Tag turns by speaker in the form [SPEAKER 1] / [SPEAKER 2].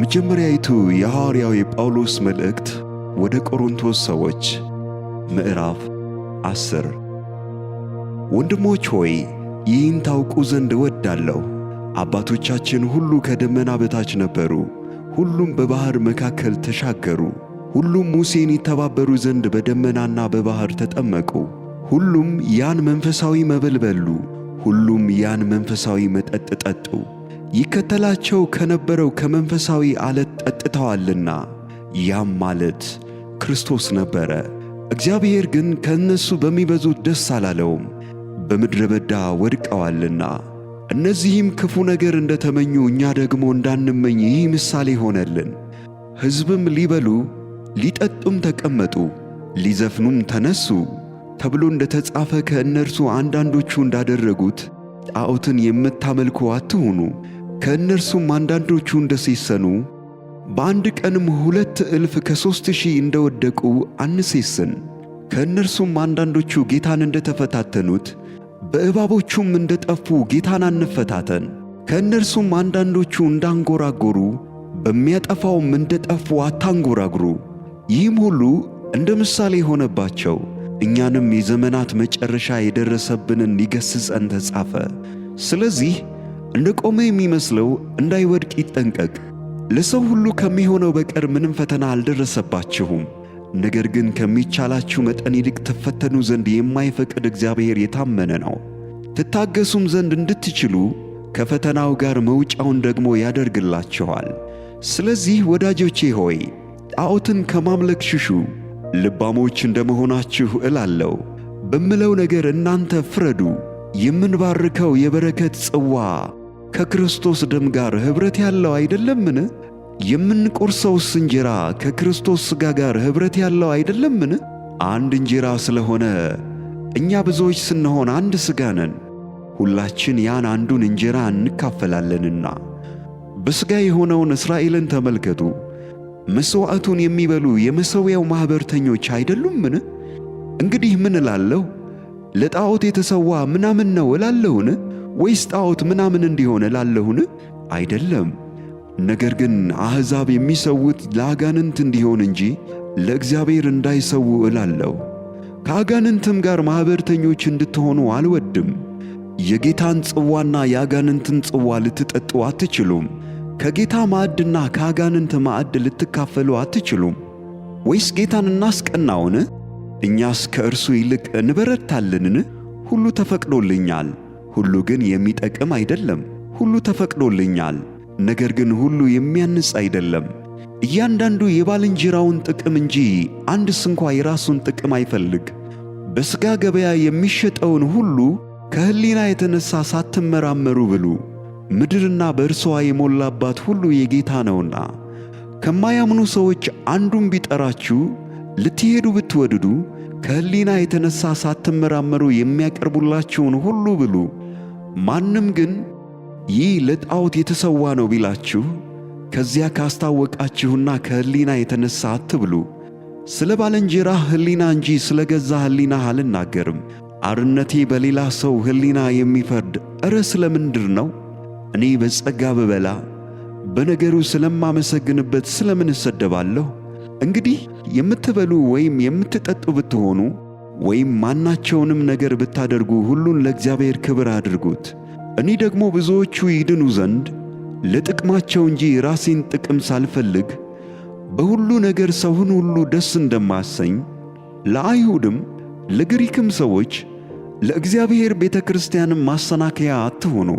[SPEAKER 1] የመጀመሪያይቱ የሐዋርያው የጳውሎስ መልእክት ወደ ቆሮንቶስ ሰዎች ምዕራፍ ዐሥር ወንድሞች ሆይ ይህን ታውቁ ዘንድ እወዳለሁ። አባቶቻችን ሁሉ ከደመና በታች ነበሩ፣ ሁሉም በባሕር መካከል ተሻገሩ። ሁሉም ሙሴን ይተባበሩ ዘንድ በደመናና በባሕር ተጠመቁ። ሁሉም ያን መንፈሳዊ መብል በሉ፣ ሁሉም ያን መንፈሳዊ መጠጥ ጠጡ። ይከተላቸው ከነበረው ከመንፈሳዊ ዓለት ጠጥተዋልና ያም ማለት ክርስቶስ ነበረ። እግዚአብሔር ግን ከእነሱ በሚበዙት ደስ አላለውም፣ በምድረ በዳ ወድቀዋልና። እነዚህም ክፉ ነገር እንደ ተመኙ እኛ ደግሞ እንዳንመኝ ይህ ምሳሌ ሆነልን። ሕዝብም ሊበሉ ሊጠጡም ተቀመጡ፣ ሊዘፍኑም ተነሱ ተብሎ እንደ ተጻፈ ከእነርሱ አንዳንዶቹ እንዳደረጉት ጣዖትን የምታመልኩ አትሁኑ ከእነርሱም አንዳንዶቹ እንደ ሴሰኑ በአንድ ቀንም ሁለት እልፍ ከሦስት ሺህ እንደ ወደቁ አንሴስን። ከእነርሱም አንዳንዶቹ ጌታን እንደ ተፈታተኑት በእባቦቹም እንደ ጠፉ ጌታን አንፈታተን። ከእነርሱም አንዳንዶቹ እንዳንጎራጎሩ በሚያጠፋውም እንደ ጠፉ አታንጎራጉሩ። ይህም ሁሉ እንደ ምሳሌ የሆነባቸው እኛንም የዘመናት መጨረሻ የደረሰብንን ሊገሥጸን ተጻፈ። ስለዚህ እንደ ቆመ የሚመስለው እንዳይወድቅ ይጠንቀቅ። ለሰው ሁሉ ከሚሆነው በቀር ምንም ፈተና አልደረሰባችሁም። ነገር ግን ከሚቻላችሁ መጠን ይልቅ ትፈተኑ ዘንድ የማይፈቅድ እግዚአብሔር የታመነ ነው። ትታገሱም ዘንድ እንድትችሉ ከፈተናው ጋር መውጫውን ደግሞ ያደርግላችኋል። ስለዚህ ወዳጆቼ ሆይ ጣዖትን ከማምለክ ሽሹ። ልባሞች እንደመሆናችሁ እላለሁ። በምለው ነገር እናንተ ፍረዱ። የምንባርከው የበረከት ጽዋ ከክርስቶስ ደም ጋር ኅብረት ያለው አይደለምን? የምንቆርሰውስ እንጀራ ከክርስቶስ ሥጋ ጋር ኅብረት ያለው አይደለምን? አንድ እንጀራ ስለሆነ እኛ ብዙዎች ስንሆን አንድ ሥጋ ነን፣ ሁላችን ያን አንዱን እንጀራ እንካፈላለንና። በሥጋ የሆነውን እስራኤልን ተመልከቱ። መሥዋዕቱን የሚበሉ የመሠዊያው ማኅበርተኞች አይደሉምን? እንግዲህ ምን እላለሁ? ለጣዖት የተሠዋ ምናምን ነው እላለሁን? ወይስ ጣዖት ምናምን እንዲሆነ ላለሁን? አይደለም። ነገር ግን አሕዛብ የሚሰውት ለአጋንንት እንዲሆን እንጂ ለእግዚአብሔር እንዳይሰው እላለሁ። ከአጋንንትም ጋር ማኅበርተኞች እንድትሆኑ አልወድም። የጌታን ጽዋና የአጋንንትን ጽዋ ልትጠጡ አትችሉም። ከጌታ ማዕድና ከአጋንንት ማዕድ ልትካፈሉ አትችሉም። ወይስ ጌታን እናስቀናውን? እኛስ ከእርሱ ይልቅ እንበረታልንን? ሁሉ ተፈቅዶልኛል ሁሉ ግን የሚጠቅም አይደለም። ሁሉ ተፈቅዶልኛል፣ ነገር ግን ሁሉ የሚያንጽ አይደለም። እያንዳንዱ የባልንጀራውን ጥቅም እንጂ አንድ ስንኳ የራሱን ጥቅም አይፈልግ። በሥጋ ገበያ የሚሸጠውን ሁሉ ከሕሊና የተነሣ ሳትመራመሩ ብሉ፤ ምድርና በእርሷ የሞላባት ሁሉ የጌታ ነውና። ከማያምኑ ሰዎች አንዱም ቢጠራችሁ ልትሄዱ ብትወድዱ ከሕሊና የተነሣ ሳትመራመሩ የሚያቀርቡላችሁን ሁሉ ብሉ። ማንም ግን ይህ ለጣዖት የተሰዋ ነው ቢላችሁ ከዚያ ካስታወቃችሁና ከሕሊና የተነሣ አትብሉ። ስለ ባልንጀራህ ሕሊና እንጂ ስለ ገዛ ሕሊናህ አልናገርም። አርነቴ በሌላ ሰው ሕሊና የሚፈርድ እረ ስለ ምንድር ነው? እኔ በጸጋ ብበላ በነገሩ ስለማመሰግንበት ስለ ምን እሰደባለሁ? እንግዲህ የምትበሉ ወይም የምትጠጡ ብትሆኑ ወይም ማናቸውንም ነገር ብታደርጉ ሁሉን ለእግዚአብሔር ክብር አድርጉት። እኔ ደግሞ ብዙዎቹ ይድኑ ዘንድ ለጥቅማቸው እንጂ ራሴን ጥቅም ሳልፈልግ በሁሉ ነገር ሰውን ሁሉ ደስ እንደማሰኝ ለአይሁድም ለግሪክም ሰዎች ለእግዚአብሔር ቤተ ክርስቲያንም ማሰናከያ አትሆኑ።